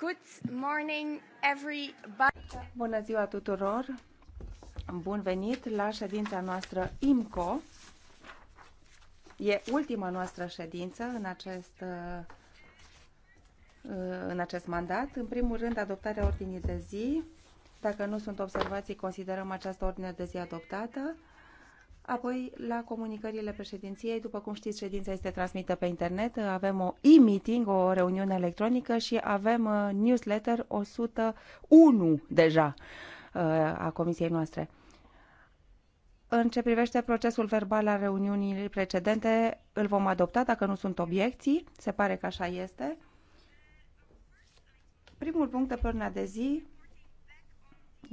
Good morning, everybody. Bună ziua tuturor! Bun venit la ședința noastră IMCO. E ultima noastră ședință în acest, în acest mandat. În primul rând, adoptarea ordinii de zi. Dacă nu sunt observații, considerăm această ordine de zi adoptată. Apoi, la comunicările președinției, după cum știți, ședința este transmită pe internet. Avem o e-meeting, o reuniune electronică și avem uh, newsletter 101 deja uh, a comisiei noastre. În ce privește procesul verbal al reuniunii precedente, îl vom adopta dacă nu sunt obiecții. Se pare că așa este. Primul punct de pe de zi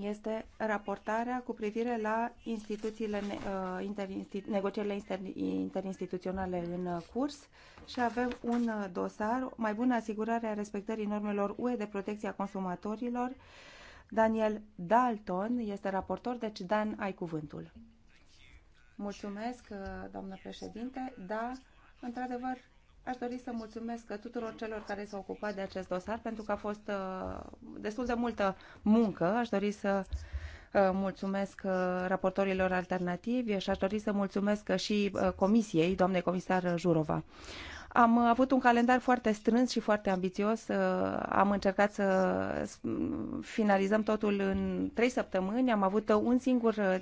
este raportarea cu privire la instituțiile, uh, negocierile interinstituționale în uh, curs și avem un uh, dosar, mai bună asigurare a respectării normelor UE de protecție a consumatorilor. Daniel Dalton este raportor, deci Dan, ai cuvântul. Mulțumesc, doamnă președinte. Da, într-adevăr, Aș dori să mulțumesc tuturor celor care s-au ocupat de acest dosar pentru că a fost uh, destul de multă muncă. Aș dori să Uh, mulțumesc uh, raportorilor alternativi și aș dori să mulțumesc uh, și comisiei, doamnei comisar Jurova. Am avut un calendar foarte strâns și foarte ambițios. Am încercat să finalizăm totul în trei săptămâni. Am avut un singur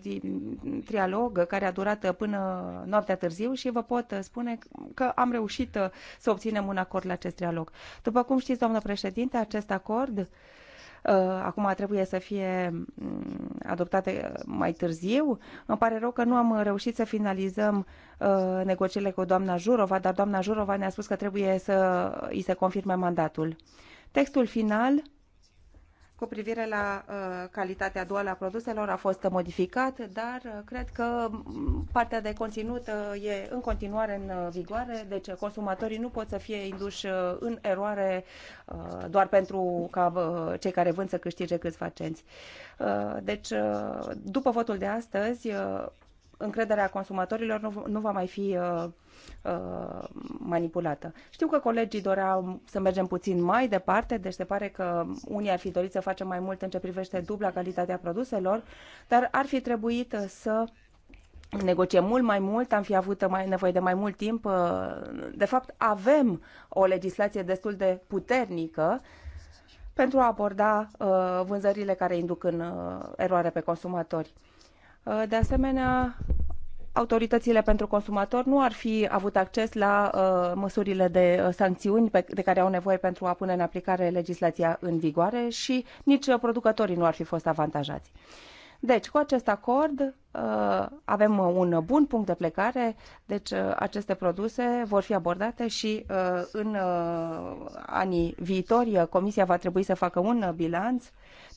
trialog care a durat până noaptea târziu și vă pot spune că am reușit să obținem un acord la acest trialog. După cum știți, doamnă președinte, acest acord Uh, acum trebuie să fie mm, adoptate mai târziu. Îmi pare rău că nu am reușit să finalizăm uh, negocierile cu doamna Jurova, dar doamna Jurova ne-a spus că trebuie să îi se confirme mandatul. Textul final cu privire la uh, calitatea duală a produselor a fost modificat, dar uh, cred că mm, partea de conținut uh, e în continuare în uh, vigoare, deci consumatorii nu pot să fie induși uh, în eroare uh, doar pentru ca uh, cei care vând să câștige câțiva cenți. Uh, deci, uh, după votul de astăzi, uh, încrederea consumatorilor nu, nu va mai fi uh, uh, manipulată. Știu că colegii doreau să mergem puțin mai departe, deci se pare că unii ar fi dorit să facem mai mult în ce privește dubla calitatea produselor, dar ar fi trebuit să negociem mult mai mult, am fi avut mai nevoie de mai mult timp. Uh, de fapt, avem o legislație destul de puternică pentru a aborda uh, vânzările care induc în uh, eroare pe consumatori. Uh, de asemenea, autoritățile pentru consumator nu ar fi avut acces la uh, măsurile de uh, sancțiuni de care au nevoie pentru a pune în aplicare legislația în vigoare și nici producătorii nu ar fi fost avantajați. Deci, cu acest acord, Uh, avem uh, un bun punct de plecare, deci uh, aceste produse vor fi abordate și în anii viitori Comisia va trebui să facă un bilanț.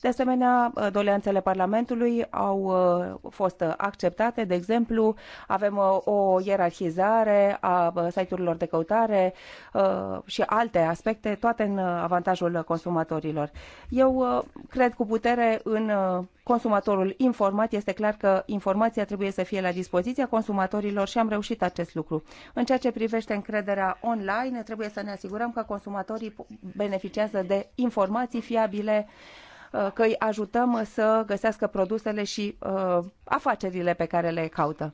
De asemenea, doleanțele Parlamentului au fost acceptate, de exemplu, avem o ierarhizare a site-urilor de căutare și alte aspecte, toate în avantajul consumatorilor. Eu cred cu putere în consumatorul informat, este clar că informația informația trebuie să fie la dispoziția consumatorilor și am reușit acest lucru. În ceea ce privește încrederea online, trebuie să ne asigurăm că consumatorii beneficiază de informații fiabile, uh, că îi ajutăm să găsească produsele și uh, afacerile pe care le caută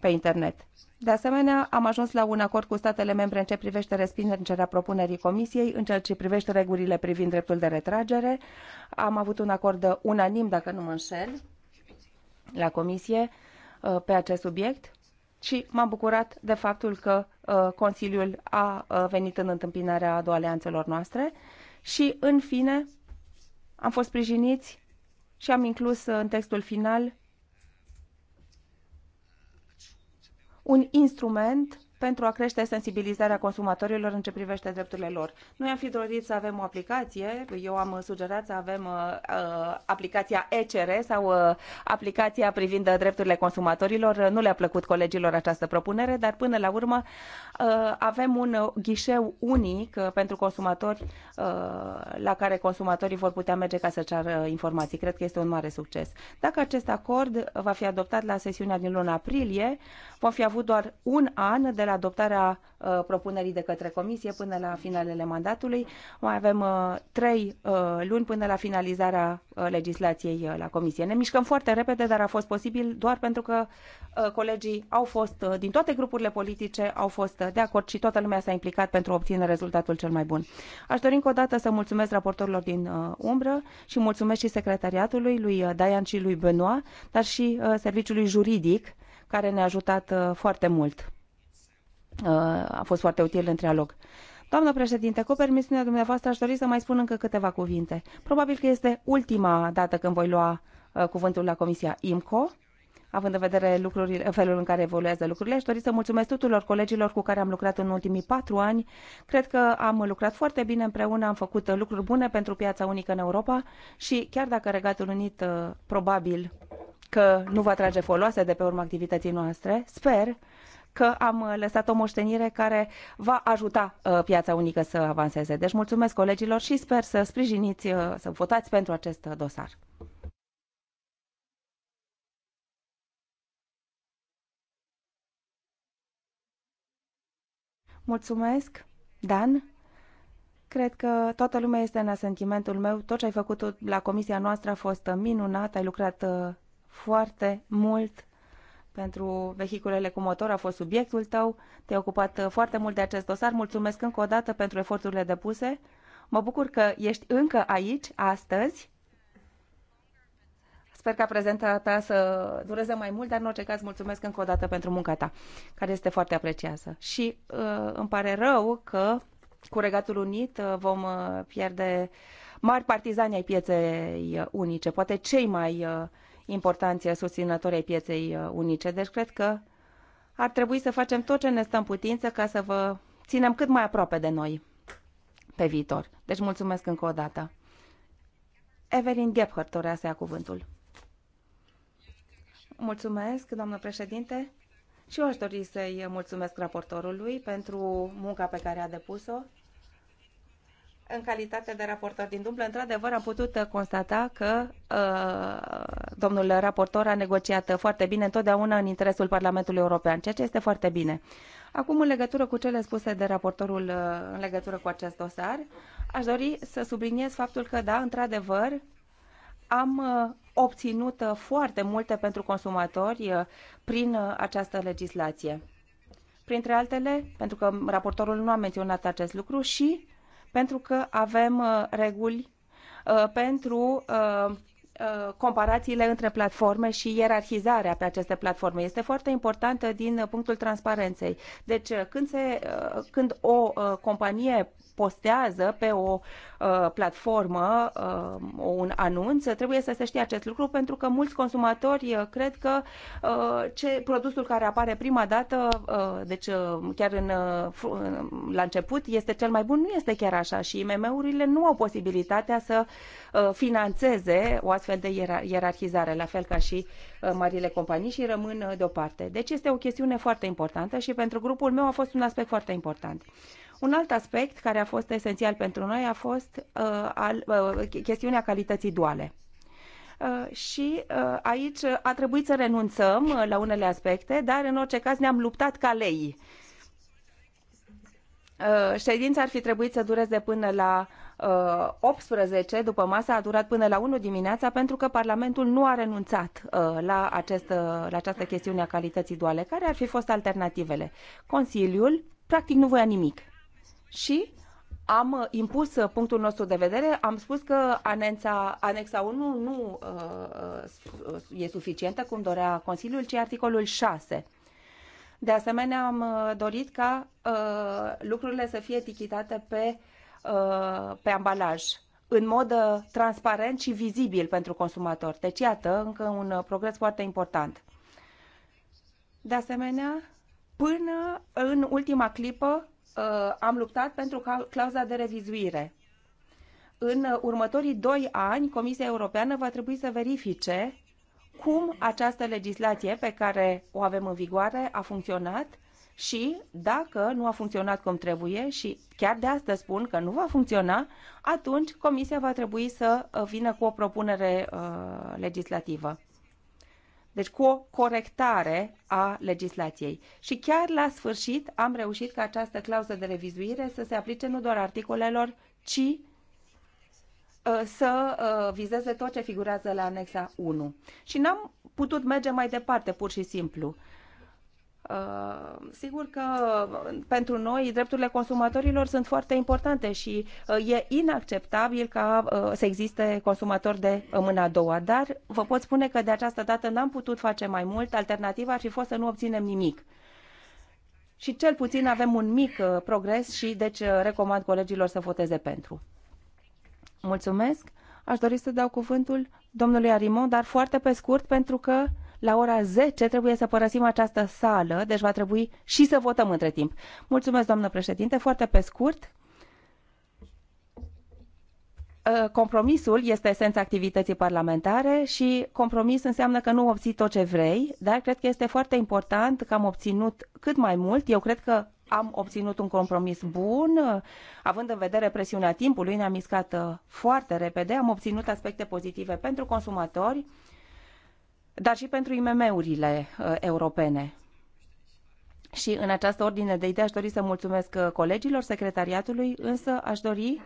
pe internet. De asemenea, am ajuns la un acord cu statele membre în ce privește respingerea propunerii Comisiei, în ceea ce privește regulile privind dreptul de retragere. Am avut un acord unanim, dacă nu mă înșel, la comisie uh, pe acest subiect și m-am bucurat de faptul că uh, Consiliul a uh, venit în întâmpinarea a doua alianțelor noastre și, în fine, am fost sprijiniți și am inclus în textul final un instrument pentru a crește sensibilizarea consumatorilor în ce privește drepturile lor. Noi am fi dorit să avem o aplicație, eu am sugerat să avem uh, uh aplicația ECR sau uh, aplicația privind drepturile consumatorilor. Nu le-a plăcut colegilor această propunere, dar până la urmă uh, avem un ghișeu unic uh, pentru consumatori uh, la care consumatorii vor putea merge ca să ceară informații. Cred că este un mare succes. Dacă acest acord va fi adoptat la sesiunea din luna aprilie, vom fi avut doar un an de la adoptarea uh, propunerii de către comisie până la finalele mandatului. Mai avem uh, trei uh, luni până la finalizarea legislației la comisie. Ne mișcăm foarte repede, dar a fost posibil doar pentru că colegii au fost, din toate grupurile politice, au fost de acord și toată lumea s-a implicat pentru a obține rezultatul cel mai bun. Aș dori încă o dată să mulțumesc raportorilor din umbră și mulțumesc și secretariatului lui Dayan și lui Benoit, dar și serviciului juridic care ne-a ajutat foarte mult a fost foarte util în trialog. Doamnă președinte, cu permisiunea dumneavoastră aș dori să mai spun încă câteva cuvinte. Probabil că este ultima dată când voi lua uh, cuvântul la Comisia IMCO, având în vedere lucrurile, felul în care evoluează lucrurile. Aș dori să mulțumesc tuturor colegilor cu care am lucrat în ultimii patru ani. Cred că am lucrat foarte bine împreună, am făcut lucruri bune pentru piața unică în Europa și chiar dacă Regatul Unit uh, probabil că nu va trage foloase de pe urma activității noastre, sper că am uh, lăsat o moștenire care va ajuta uh, piața unică să avanseze. Deci mulțumesc colegilor și sper să sprijiniți, uh, să votați pentru acest dosar. Mulțumesc, Dan. Cred că toată lumea este în asentimentul meu. Tot ce ai făcut la comisia noastră a fost minunat. Ai lucrat foarte mult pentru vehiculele cu motor a fost subiectul tău. Te-ai ocupat uh, foarte mult de acest dosar. Mulțumesc încă o dată pentru eforturile depuse. Mă bucur că ești încă aici, astăzi. Sper ca prezentarea ta să dureze mai mult, dar în orice caz mulțumesc încă o dată pentru munca ta, care este foarte apreciată. Și uh, îmi pare rău că cu Regatul Unit uh, vom uh, pierde mari partizani ai pieței unice, poate cei mai uh, importanți susținători pieței uh, unice. Deci cred că ar trebui să facem tot ce ne stă în putință ca să vă ținem cât mai aproape de noi pe viitor. Deci mulțumesc încă o dată. Evelyn Gephardt dorea să ia cuvântul. Mulțumesc, doamnă președinte. Și eu aș dori să-i mulțumesc raportorului pentru munca pe care a depus-o în calitate de raportor din dublă, într-adevăr am putut uh, constata că uh, domnul raportor a negociat foarte bine întotdeauna în interesul Parlamentului European, ceea ce este foarte bine. Acum, în legătură cu cele spuse de raportorul uh, în legătură cu acest dosar, aș dori să subliniez faptul că, da, într-adevăr, am uh, obținut uh, foarte multe pentru consumatori uh, prin această legislație printre altele, pentru că raportorul nu a menționat acest lucru, și pentru că avem uh, reguli uh, pentru uh, comparațiile între platforme și ierarhizarea pe aceste platforme. Este foarte importantă din punctul transparenței. Deci când, se, când o companie postează pe o uh, platformă uh, un anunț, trebuie să se știe acest lucru pentru că mulți consumatori uh, cred că uh, ce, produsul care apare prima dată, uh, deci uh, chiar în, uh, la început, este cel mai bun, nu este chiar așa și IMM-urile nu au posibilitatea să uh, financeze o astfel de ierarhizare, la fel ca și uh, marile companii și rămân uh, deoparte. Deci este o chestiune foarte importantă și pentru grupul meu a fost un aspect foarte important. Un alt aspect care a fost esențial pentru noi a fost uh, al, uh, chestiunea calității duale. Uh, și uh, aici a trebuit să renunțăm uh, la unele aspecte, dar în orice caz ne-am luptat ca lei. Uh, ședința ar fi trebuit să dureze până la 18 uh, după masa a durat până la 1 dimineața pentru că Parlamentul nu a renunțat uh, la, acest, uh, la această chestiune a calității duale. Care ar fi fost alternativele? Consiliul practic nu voia nimic și am uh, impus uh, punctul nostru de vedere, am spus că anența, anexa 1 nu uh, uh, e suficientă, cum dorea Consiliul, ci articolul 6. De asemenea, am dorit ca uh, lucrurile să fie etichetate pe, uh, pe ambalaj în mod transparent și vizibil pentru consumator. Deci, iată, încă un progres foarte important. De asemenea, până în ultima clipă, Uh, am luptat pentru clauza de revizuire. În următorii doi ani, Comisia Europeană va trebui să verifice cum această legislație pe care o avem în vigoare a funcționat și dacă nu a funcționat cum trebuie și chiar de asta spun că nu va funcționa, atunci Comisia va trebui să uh, vină cu o propunere uh, legislativă deci cu o corectare a legislației. Și chiar la sfârșit am reușit ca această clauză de revizuire să se aplice nu doar articolelor, ci uh, să uh, vizeze tot ce figurează la anexa 1. Și n-am putut merge mai departe, pur și simplu. Uh, sigur că uh, pentru noi drepturile consumatorilor sunt foarte importante și uh, e inacceptabil ca să existe consumatori de mâna a doua, dar vă pot spune că de această dată n-am putut face mai mult, alternativa ar fi fost să nu obținem nimic. Și cel puțin avem un mic progres și deci recomand colegilor să voteze pentru. Mulțumesc! Aș dori să dau cuvântul domnului Arimon, dar foarte pe scurt pentru că la ora 10 trebuie să părăsim această sală, deci va trebui și să votăm între timp. Mulțumesc, doamnă președinte, foarte pe scurt. Ă, compromisul este esența activității parlamentare și compromis înseamnă că nu obții tot ce vrei, dar cred că este foarte important că am obținut cât mai mult. Eu cred că am obținut un compromis bun, având în vedere presiunea timpului, ne-am miscat ă, foarte repede, am obținut aspecte pozitive pentru consumatori, dar și pentru IMM-urile uh, europene. Și în această ordine de idei aș dori să mulțumesc uh, colegilor secretariatului, însă aș dori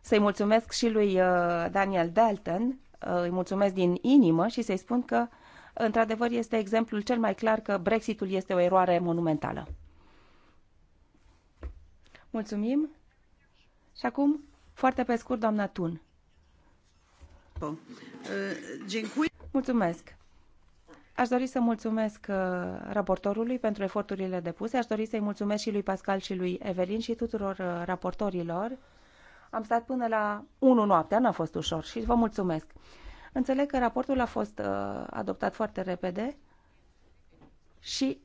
să-i mulțumesc și lui uh, Daniel Dalton, îi mulțumesc din inimă și să-i spun că, într-adevăr, este exemplul cel mai clar că Brexitul este o eroare monumentală. Mulțumim. Și acum, foarte pe scurt, doamna Tun. Bun. Uh, Mulțumesc! Aș dori să mulțumesc uh, raportorului pentru eforturile depuse. Aș dori să-i mulțumesc și lui Pascal și lui Evelin și tuturor uh, raportorilor. Am stat până la 1 noaptea, n-a fost ușor și vă mulțumesc. Înțeleg că raportul a fost uh, adoptat foarte repede și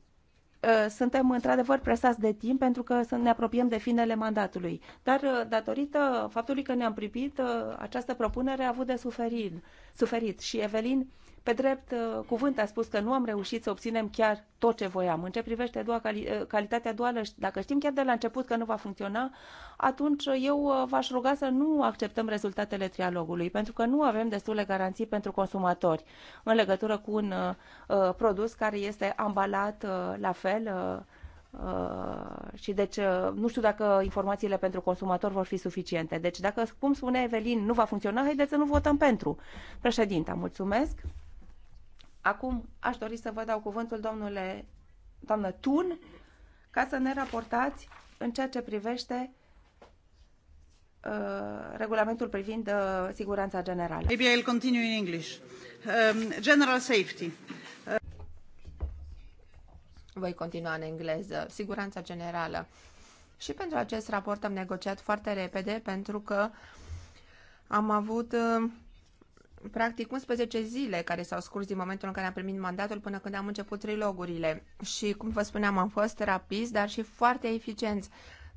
suntem într-adevăr presați de timp pentru că ne apropiem de finele mandatului. Dar datorită faptului că ne-am pripit, această propunere a avut de suferit. suferit. Și Evelin, pe drept uh, cuvânt a spus că nu am reușit să obținem chiar tot ce voiam. În ce privește doua cali- uh, calitatea duală, dacă știm chiar de la început că nu va funcționa, atunci eu uh, v-aș ruga să nu acceptăm rezultatele trialogului, pentru că nu avem destule garanții pentru consumatori în legătură cu un uh, produs care este ambalat uh, la fel. Uh, Uh, și deci uh, nu știu dacă informațiile pentru consumator vor fi suficiente. Deci dacă, cum spune Evelin, nu va funcționa, haideți să nu votăm pentru. Președinta, mulțumesc. Acum aș dori să vă dau cuvântul, domnule, doamnă Tun, ca să ne raportați în ceea ce privește uh, regulamentul privind uh, siguranța generală. Maybe I'll continue in English. Um, general safety. Uh, voi continua în engleză. Siguranța generală. Și pentru acest raport am negociat foarte repede pentru că am avut uh, practic 11 zile care s-au scurs din momentul în care am primit mandatul până când am început trilogurile. Și, cum vă spuneam, am fost rapizi, dar și foarte eficienți.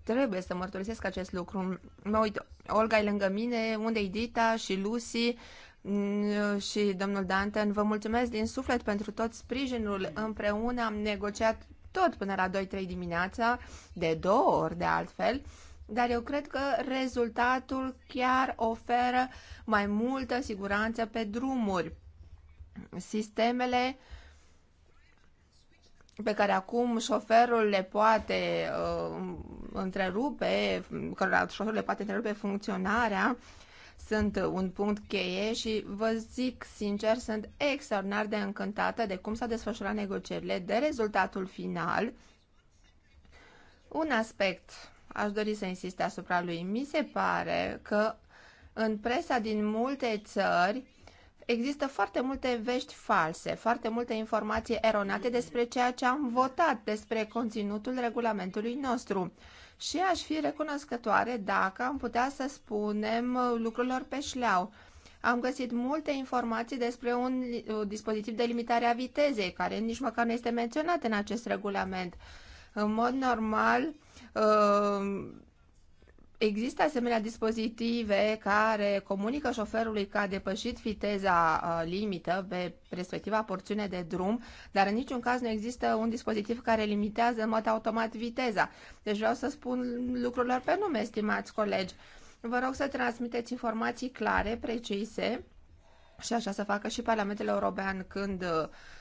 Trebuie să mărturisesc acest lucru. Mă uit, Olga e lângă mine, unde e Dita și Lucy mm, și domnul Danton. Vă mulțumesc din suflet pentru tot sprijinul. Împreună am negociat tot până la 2-3 dimineața, de două ori de altfel dar eu cred că rezultatul chiar oferă mai multă siguranță pe drumuri. Sistemele pe care acum șoferul le poate uh, întrerupe, cărora șoferul le poate întrerupe funcționarea, sunt un punct cheie și vă zic sincer, sunt extraordinar de încântată de cum s-au desfășurat negocierile, de rezultatul final. Un aspect aș dori să insiste asupra lui. Mi se pare că în presa din multe țări există foarte multe vești false, foarte multe informații eronate despre ceea ce am votat, despre conținutul regulamentului nostru. Și aș fi recunoscătoare dacă am putea să spunem lucrurilor pe șleau. Am găsit multe informații despre un dispozitiv de limitare a vitezei, care nici măcar nu este menționat în acest regulament. În mod normal, Ehm, există asemenea dispozitive care comunică șoferului că a depășit viteza uh, limită pe respectiva porțiune de drum, dar în niciun caz nu există un dispozitiv care limitează în mod automat viteza. Deci vreau să spun lucrurilor pe nume, stimați colegi. Vă rog să transmiteți informații clare, precise și așa să facă și Parlamentul European când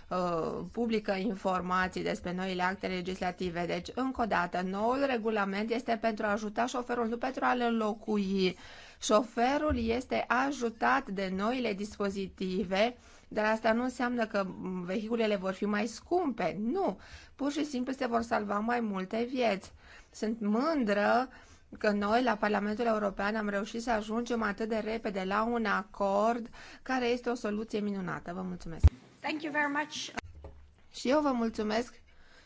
uh, publică informații despre noile acte legislative. Deci, încă o dată, noul regulament este pentru a ajuta șoferul, nu pentru a-l înlocui. Șoferul este ajutat de noile dispozitive, dar asta nu înseamnă că vehiculele vor fi mai scumpe. Nu, pur și simplu se vor salva mai multe vieți. Sunt mândră uh, că noi la Parlamentul European am reușit să ajungem atât de repede la un acord care este o soluție minunată. Vă mulțumesc! Thank you very much. Și eu vă mulțumesc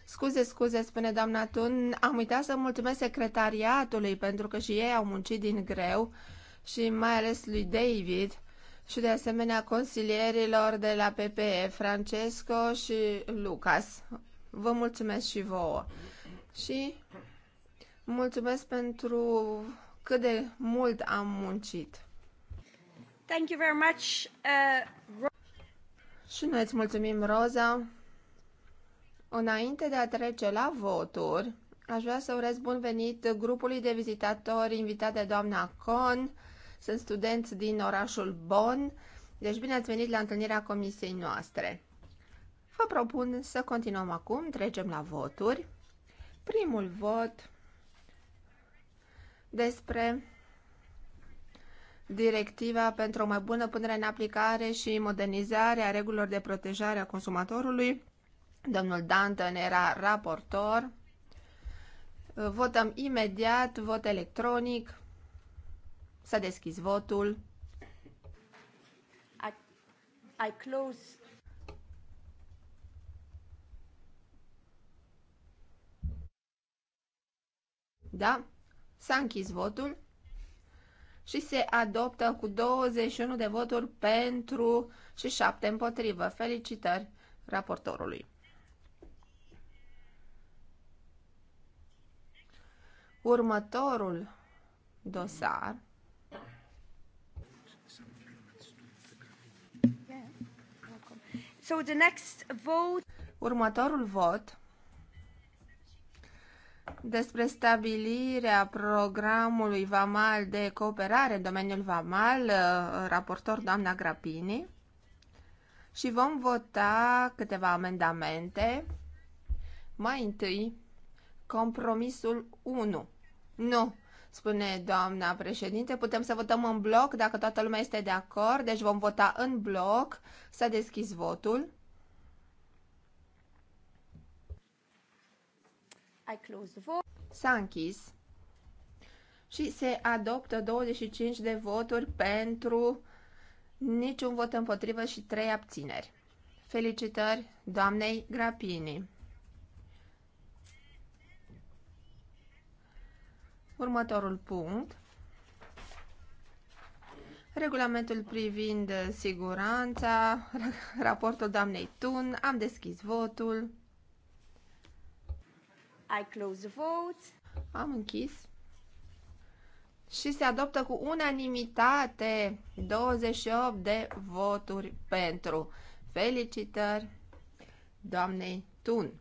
Scuze, scuze, spune doamna Tun, am uitat să mulțumesc secretariatului pentru că și ei au muncit din greu și mai ales lui David și de asemenea consilierilor de la PPE, Francesco și Lucas. Vă mulțumesc și vouă. Și Mulțumesc pentru cât de mult am muncit. Thank you very much. Uh, și noi îți mulțumim, Roza. Înainte de a trece la voturi, aș vrea să urez bun venit grupului de vizitatori invitat de doamna Con. Sunt studenți din orașul Bonn, deci bine ați venit la întâlnirea comisiei noastre. Vă propun să continuăm acum, trecem la voturi. Primul vot despre directiva pentru o mai bună punere în aplicare și modernizare a regulilor de protejare a consumatorului. Domnul Danton era raportor. Votăm imediat, vot electronic. S-a deschis votul. I, I close. Da? S-a închis votul și se adoptă cu 21 de voturi pentru și 7 împotrivă. Felicitări raportorului. Următorul dosar next vote... Următorul vot despre stabilirea programului VAMAL de cooperare în domeniul VAMAL, uh, raportor doamna Grapini, și vom vota câteva amendamente. Mai întâi, compromisul 1. Nu, spune doamna președinte, putem să votăm în bloc dacă toată lumea este de acord, deci vom vota în bloc. S-a deschis votul. I close the vote. S-a închis și se adoptă 25 de voturi pentru niciun vot împotrivă și 3 abțineri. Felicitări doamnei Grapini. Următorul punct. Regulamentul privind siguranța, raportul doamnei Tun, am deschis votul. I close the vote. Am închis. Și se adoptă cu unanimitate 28 de voturi pentru. Felicitări doamnei Tun.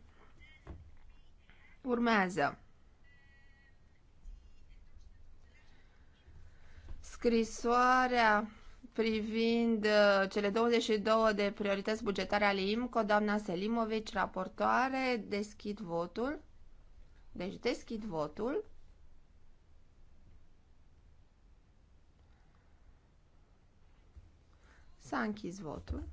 Urmează. Scrisoarea privind uh, cele 22 de priorități bugetare ale IMCO, doamna Selimovici, raportoare, deschid votul. Deci deschid votul. S-a închis votul.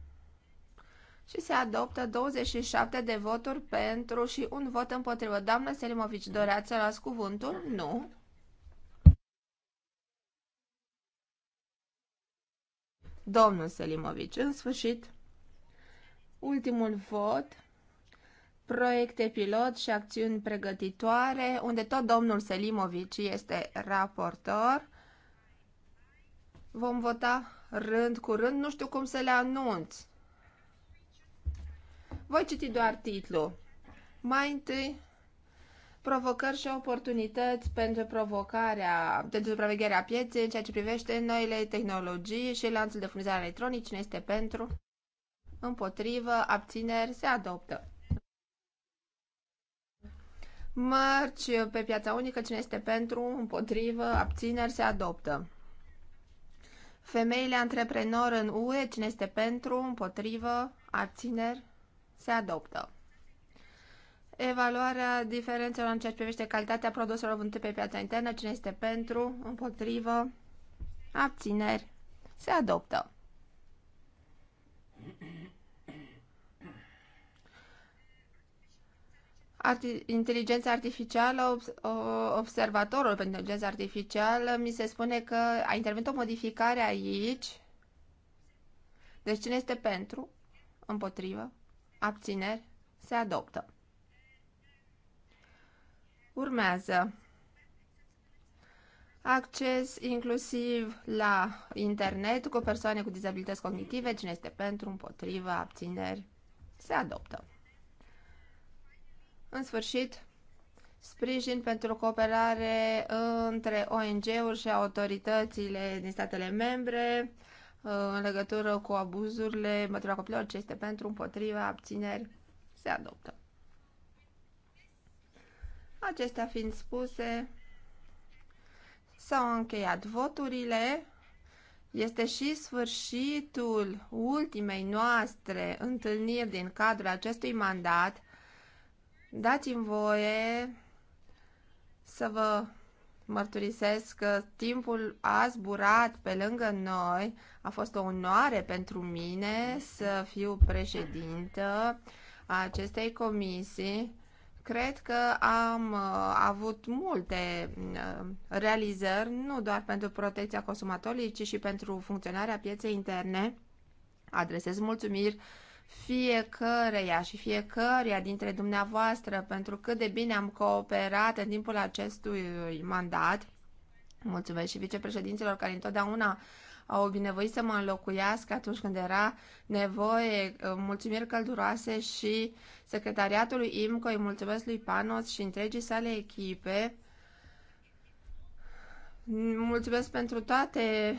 Și se adoptă 27 de voturi pentru și un vot împotrivă. Doamna Selimovici, doreați să luați cuvântul? Nu. Domnul Selimovici, în sfârșit, ultimul vot proiecte pilot și acțiuni pregătitoare, unde tot domnul Selimovici este raportor. Vom vota rând cu rând, nu știu cum să le anunț. Voi citi doar titlul. Mai întâi, provocări și oportunități pentru provocarea, pentru supravegherea pieței în ceea ce privește noile tehnologii și lanțul de furnizare electronic, cine este pentru, împotrivă, abțineri, se adoptă. Mărci pe piața unică, cine este pentru, împotrivă, abțineri, se adoptă. Femeile antreprenor în UE, cine este pentru, împotrivă, abțineri, se adoptă. Evaluarea diferențelor în ceea ce privește calitatea produselor vândute pe piața internă, cine este pentru, împotrivă, abțineri, se adoptă. arti- inteligența artificială, observatorul pentru inteligența artificială, mi se spune că a intervenit o modificare aici. Deci cine este pentru? Împotrivă? Abțineri? Se adoptă. Urmează acces inclusiv la internet cu persoane cu dizabilități cognitive, cine este pentru, împotrivă, abțineri, se adoptă. În sfârșit, sprijin pentru cooperare între ONG-uri și autoritățile din statele membre uh, în legătură cu abuzurile împotriva copilor, ce este pentru, împotriva, abțineri, se adoptă. Acestea fiind spuse, s-au încheiat voturile. Este și sfârșitul ultimei noastre întâlniri din cadrul acestui mandat Dați-mi voie să vă mărturisesc că timpul a zburat pe lângă noi. A fost o onoare pentru mine să fiu președintă a acestei comisii. Cred că am uh, avut multe uh, realizări, nu doar pentru protecția consumatorului, ci și pentru funcționarea pieței interne. Adresez mulțumiri fiecăreia și fiecăreia dintre dumneavoastră pentru cât de bine am cooperat în timpul acestui mandat. Mulțumesc și vicepreședinților care întotdeauna au binevoit să mă înlocuiască atunci când era nevoie. Mulțumiri călduroase și secretariatului IMCO, îi mulțumesc lui Panos și întregii sale echipe. Mulțumesc pentru toate,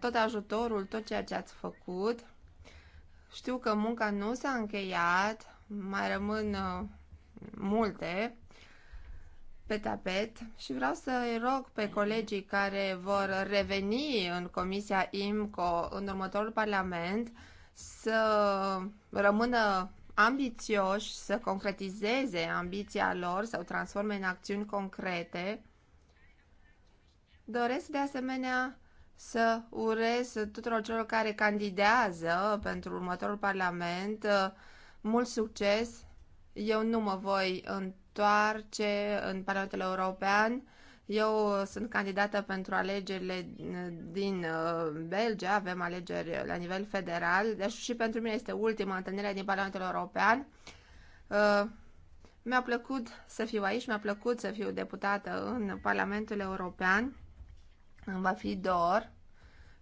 tot ajutorul, tot ceea ce ați făcut. Știu că munca nu s-a încheiat, mai rămân uh, multe pe tapet și vreau să rog pe colegii care vor reveni în Comisia IMCO în următorul Parlament să rămână ambițioși, să concretizeze ambiția lor, să o transforme în acțiuni concrete. Doresc de asemenea să urez tuturor celor care candidează pentru următorul Parlament uh, mult succes. Eu nu mă voi întoarce în Parlamentul European. Eu uh, sunt candidată pentru alegerile uh, din Belgia, avem alegeri la nivel federal, deci și pentru mine este ultima întâlnire din Parlamentul European. Mi-a plăcut să fiu aici, mi-a plăcut să fiu deputată în Parlamentul European. Îmi va fi dor.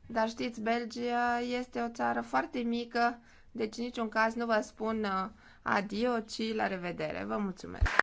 Dar știți, Belgia este o țară foarte mică, deci în niciun caz nu vă spun uh, adio, ci la revedere. Vă mulțumesc!